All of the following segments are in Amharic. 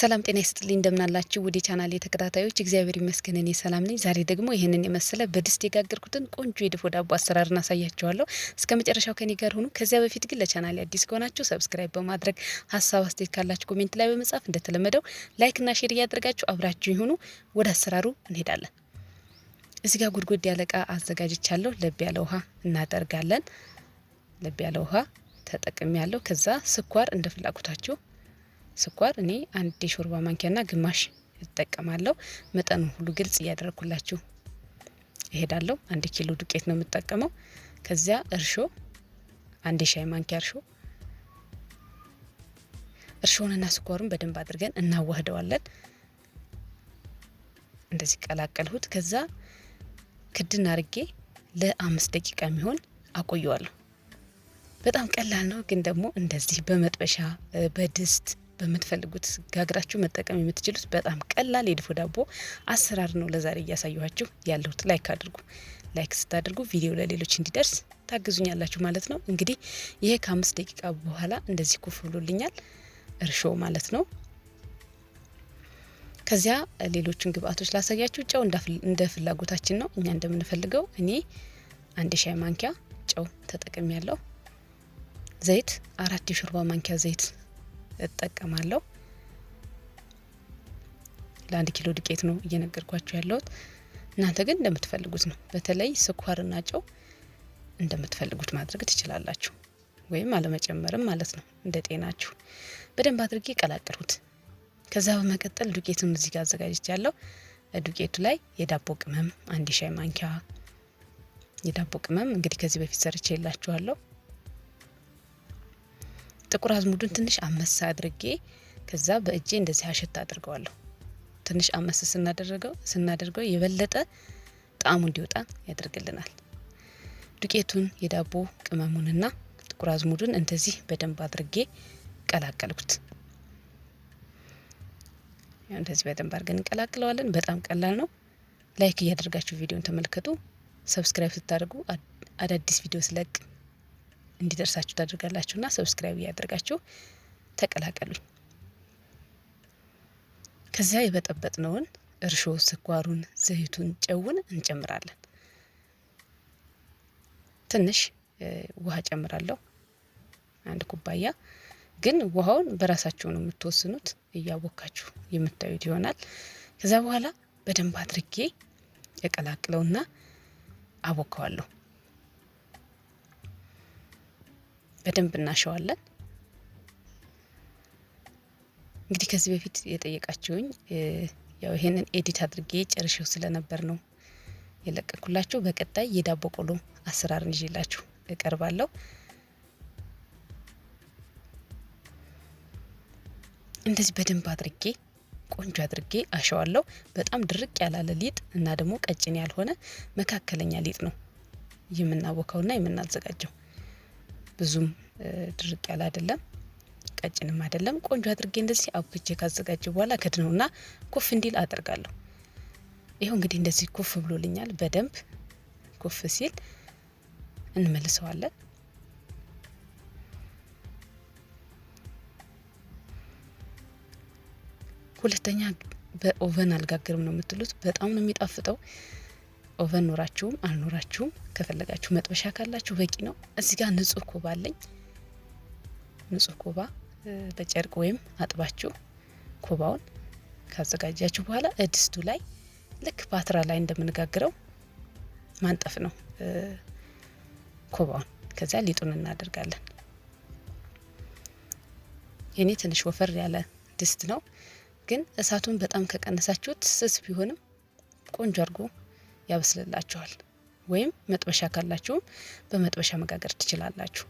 ሰላም ጤና ይስጥልኝ። እንደምናላችሁ ውዴ ቻናል የተከታታዮች እግዚአብሔር ይመስገን እኔ ሰላም ነኝ። ዛሬ ደግሞ ይህንን የመሰለ በድስት የጋገርኩትን ቆንጆ የድፎ ዳቦ አሰራር እናሳያችኋለሁ። እስከ መጨረሻው ከኔ ጋር ሁኑ። ከዚያ በፊት ግን ለቻናል አዲስ ከሆናችሁ ሰብስክራይብ በማድረግ ሀሳብ አስተያየት ካላችሁ ኮሜንት ላይ በመጻፍ እንደተለመደው ላይክና ሼር እያደረጋችሁ አብራችሁ ይሁኑ። ወደ አሰራሩ እንሄዳለን። እዚህ ጋር ጉድጉድ ያለ እቃ አዘጋጅቻለሁ። ለብ ያለ ውሃ እናደርጋለን። ለብ ያለ ውሃ ተጠቅሚ ያለው ከዛ ስኳር እንደ ፍላጎታችሁ ስኳር እኔ አንድ የሾርባ ማንኪያና ግማሽ እጠቀማለሁ። መጠኑ ሁሉ ግልጽ እያደረግኩላችሁ እሄዳለሁ። አንድ ኪሎ ዱቄት ነው የምጠቀመው። ከዚያ እርሾ አንድ የሻይ ማንኪያ እርሾ። እርሾንና ስኳሩን በደንብ አድርገን እናዋህደዋለን። እንደዚህ ቀላቀልሁት። ከዛ ክድን አርጌ ለአምስት ደቂቃ የሚሆን አቆየዋለሁ። በጣም ቀላል ነው፣ ግን ደግሞ እንደዚህ በመጥበሻ በድስት በምትፈልጉት ጋግራችሁ መጠቀም የምትችሉት በጣም ቀላል የድፎ ዳቦ አሰራር ነው ለዛሬ እያሳየኋችሁ ያለሁት። ላይክ አድርጉ። ላይክ ስታደርጉ ቪዲዮ ለሌሎች እንዲደርስ ታግዙኛላችሁ ማለት ነው። እንግዲህ ይሄ ከአምስት ደቂቃ በኋላ እንደዚህ ኩፍ ብሎልኛል፣ እርሾ ማለት ነው። ከዚያ ሌሎችን ግብአቶች ላሳያችሁ። ጨው እንደ ፍላጎታችን ነው፣ እኛ እንደምንፈልገው። እኔ አንድ ሻይ ማንኪያ ጨው ተጠቅሜ ያለው ዘይት አራት የሾርባ ማንኪያ ዘይት እጠቀማለሁ። ለአንድ ኪሎ ዱቄት ነው እየነገርኳችሁ ያለሁት። እናንተ ግን እንደምትፈልጉት ነው። በተለይ ስኳርና ጨው እንደምትፈልጉት ማድረግ ትችላላችሁ፣ ወይም አለመጨመርም ማለት ነው እንደ ጤናችሁ። በደንብ አድርጌ ቀላቀሉት። ከዛ በመቀጠል ዱቄቱን እዚህ ጋር አዘጋጅቻለሁ። ዱቄቱ ላይ የዳቦ ቅመም አንድ ሻይ ማንኪያ የዳቦ ቅመም እንግዲህ ከዚህ በፊት ሰርቼ የላችኋለሁ። ጥቁር አዝሙዱን ትንሽ አመሳ አድርጌ ከዛ በእጄ እንደዚህ አሸት አድርገዋለሁ። ትንሽ አመስ ስናደረገው ስናደርገው የበለጠ ጣዕሙ እንዲወጣ ያደርግልናል። ዱቄቱን የዳቦ ቅመሙንና ጥቁር አዝሙዱን እንደዚህ በደንብ አድርጌ ቀላቀልኩት። እንደዚህ በደንብ አድርገን እንቀላቅለዋለን። በጣም ቀላል ነው። ላይክ እያደርጋችሁ ቪዲዮን ተመልከቱ። ሰብስክራይብ ስታደርጉ አዳዲስ ቪዲዮ ስለቅ እንዲደርሳችሁ ታደርጋላችሁና ሰብስክራይብ እያደርጋችሁ ተቀላቀሉኝ። ከዚያ የበጠበጥነውን እርሾ፣ ስኳሩን፣ ዘይቱን፣ ጨውን እንጨምራለን። ትንሽ ውሃ ጨምራለሁ፣ አንድ ኩባያ። ግን ውሃውን በራሳችሁ ነው የምትወስኑት፣ እያቦካችሁ የምታዩት ይሆናል። ከዚያ በኋላ በደንብ አድርጌ እቀላቅለውና አቦካዋለሁ። በደንብ እናሸዋለን። እንግዲህ ከዚህ በፊት የጠየቃችሁኝ ያው ይሄንን ኤዲት አድርጌ ጨርሼው ስለነበር ነው የለቀኩላችሁ። በቀጣይ የዳቦ ቆሎ አሰራርን ይዤላችሁ እቀርባለሁ። እንደዚህ በደንብ አድርጌ ቆንጆ አድርጌ አሸዋለሁ። በጣም ድርቅ ያላለ ሊጥ እና ደግሞ ቀጭን ያልሆነ መካከለኛ ሊጥ ነው የምናቦካውና የምናዘጋጀው። ብዙም ድርቅ ያለ አይደለም፣ ቀጭንም አይደለም። ቆንጆ አድርጌ እንደዚህ አብክቼ ካዘጋጀ በኋላ ከድነውና ኩፍ እንዲል አደርጋለሁ። ይኸው እንግዲህ እንደዚህ ኩፍ ብሎልኛል። በደንብ ኩፍ ሲል እንመልሰዋለን። ሁለተኛ በኦቨን አልጋግርም ነው የምትሉት፣ በጣም ነው የሚጣፍጠው። ኦቨን ኖራችሁም አልኖራችሁም ከፈለጋችሁ መጥበሻ ካላችሁ በቂ ነው። እዚህ ጋር ንጹህ ኮባ አለኝ። ንጹህ ኮባ በጨርቅ ወይም አጥባችሁ ኮባውን ካዘጋጃችሁ በኋላ እድስቱ ላይ ልክ ፓትራ ላይ እንደምንጋግረው ማንጠፍ ነው ኮባውን። ከዚያ ሊጡን እናደርጋለን። የኔ ትንሽ ወፈር ያለ ድስት ነው፣ ግን እሳቱን በጣም ከቀነሳችሁት ስስ ቢሆንም ቆንጆ አድርጎ ያበስልላችኋል። ወይም መጥበሻ ካላችሁም በመጥበሻ መጋገር ትችላላችሁ።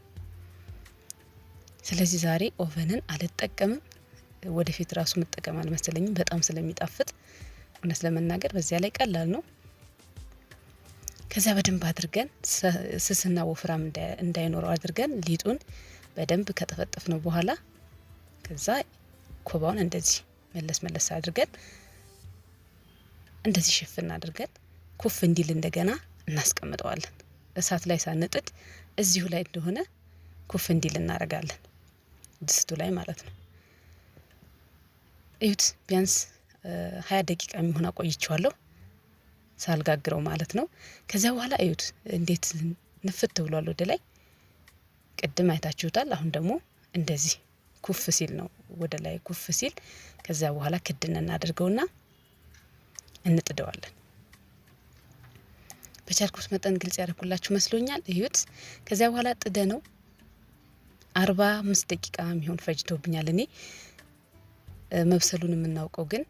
ስለዚህ ዛሬ ኦቨንን አልጠቀምም። ወደፊት ራሱ መጠቀም አልመሰለኝም በጣም ስለሚጣፍጥ እውነት ለመናገር በዚያ ላይ ቀላል ነው። ከዚያ በደንብ አድርገን ስስና ወፍራም እንዳይኖረው አድርገን ሊጡን በደንብ ከጠፈጠፍ ነው በኋላ ከዛ ኮባውን እንደዚህ መለስ መለስ አድርገን እንደዚህ ሽፍን አድርገን ኩፍ እንዲል እንደገና እናስቀምጠዋለን። እሳት ላይ ሳንጥድ እዚሁ ላይ እንደሆነ ኩፍ እንዲል እናደርጋለን፣ ድስቱ ላይ ማለት ነው። እዩት፣ ቢያንስ ሀያ ደቂቃ የሚሆን አቆይቸዋለሁ ሳልጋግረው ማለት ነው። ከዚያ በኋላ እዩት እንዴት ንፍት ብሏል ወደ ላይ። ቅድም አይታችሁታል። አሁን ደግሞ እንደዚህ ኩፍ ሲል ነው ወደ ላይ ኩፍ ሲል። ከዚያ በኋላ ክድን እናደርገውና እንጥደዋለን። በቻልኩት መጠን ግልጽ ያደርኩላችሁ መስሎኛል። እዩት። ከዚያ በኋላ ጥደ ነው አርባ አምስት ደቂቃ የሚሆን ፈጅቶብኛል። እኔ መብሰሉን የምናውቀው ግን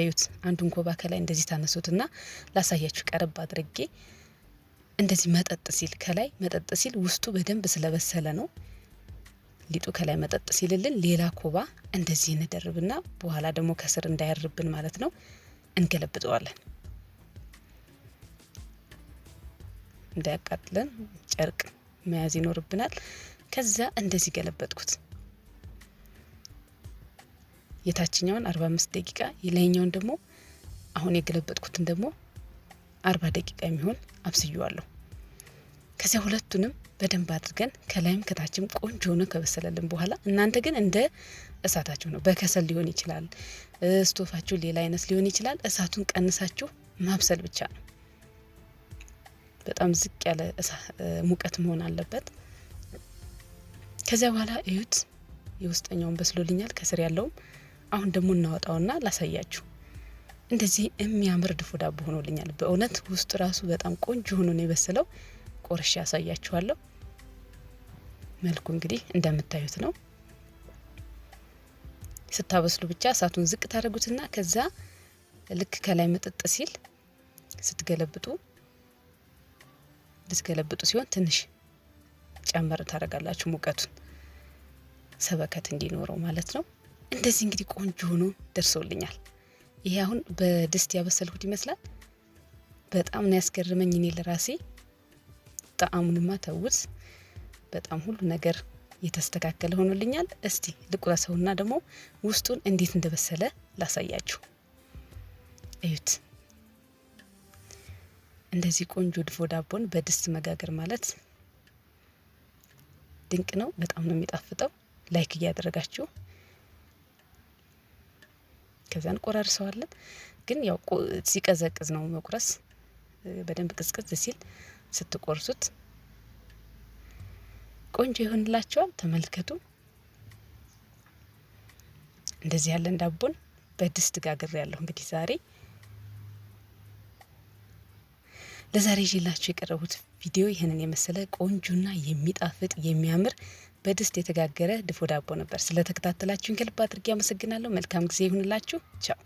እዩት። አንዱን ኮባ ከላይ እንደዚህ ታነሱትና ላሳያችሁ ቀረብ አድርጌ እንደዚህ መጠጥ ሲል ከላይ መጠጥ ሲል ውስጡ በደንብ ስለበሰለ ነው። ሊጡ ከላይ መጠጥ ሲልልን ሌላ ኮባ እንደዚህ እንደርብና በኋላ ደግሞ ከስር እንዳያርብን ማለት ነው እንገለብጠዋለን። እንዳያቃጥለን ጨርቅ መያዝ ይኖርብናል። ከዚያ እንደዚህ ገለበጥኩት። የታችኛውን አርባ ደቂቃ የላይኛውን ደግሞ አሁን የገለበጥኩትን ደግሞ 40 ደቂቃ የሚሆን አብስዩዋለሁ። ከዚያ ሁለቱንም በደንብ አድርገን ከላይም ከታችም ቆንጆ ሆነ ከበሰለልን በኋላ እናንተ ግን እንደ እሳታችሁ ነው። በከሰል ሊሆን ይችላል፣ ስቶፋችሁ ሌላ አይነት ሊሆን ይችላል። እሳቱን ቀንሳችሁ ማብሰል ብቻ ነው። በጣም ዝቅ ያለ ሙቀት መሆን አለበት። ከዚያ በኋላ እዩት፣ የውስጠኛውን በስሎልኛል፣ ከስር ያለውም አሁን ደግሞ እናወጣውና ላሳያችሁ። እንደዚህ የሚያምር ድፎ ዳቦ ሆኖልኛል። በእውነት ውስጡ ራሱ በጣም ቆንጆ ሆኖ ነው የበሰለው። ቆርሼ ያሳያችኋለሁ። መልኩ እንግዲህ እንደምታዩት ነው። ስታበስሉ ብቻ እሳቱን ዝቅ ታደረጉትና ከዛ ልክ ከላይ ምጥጥ ሲል ስትገለብጡ ልትገለብጡ ሲሆን ትንሽ ጨመር ታደርጋላችሁ ሙቀቱን ሰበከት እንዲኖረው ማለት ነው። እንደዚህ እንግዲህ ቆንጆ ሆኖ ደርሶልኛል። ይሄ አሁን በድስት ያበሰልኩት ይመስላል። በጣም ነው ያስገርመኝ እኔ ለራሴ ጣዕሙንማ ተውት። በጣም ሁሉ ነገር የተስተካከለ ሆኖልኛል። እስቲ ልቁረሰውና ደግሞ ውስጡን እንዴት እንደበሰለ ላሳያችሁ። እዩት። እንደዚህ ቆንጆ ድፎ ዳቦን በድስት መጋገር ማለት ድንቅ ነው። በጣም ነው የሚጣፍጠው። ላይክ እያደረጋችሁ ከዛ ቆራርሰዋለን። ግን ያው ሲቀዘቅዝ ነው መቁረስ። በደንብ ቅዝቅዝ ሲል ስትቆርሱት ቆንጆ ይሆንላቸዋል። ተመልከቱ። እንደዚህ ያለን ዳቦን በድስት ጋግሬ ያለሁ እንግዲህ ዛሬ ለዛሬ ይዤላችሁ የቀረቡት ቪዲዮ ይህንን የመሰለ ቆንጆና የሚጣፍጥ የሚያምር በድስት የተጋገረ ድፎ ዳቦ ነበር። ስለተከታተላችሁን ከልብ አድርጌ አመሰግናለሁ። መልካም ጊዜ ይሁንላችሁ። ቻው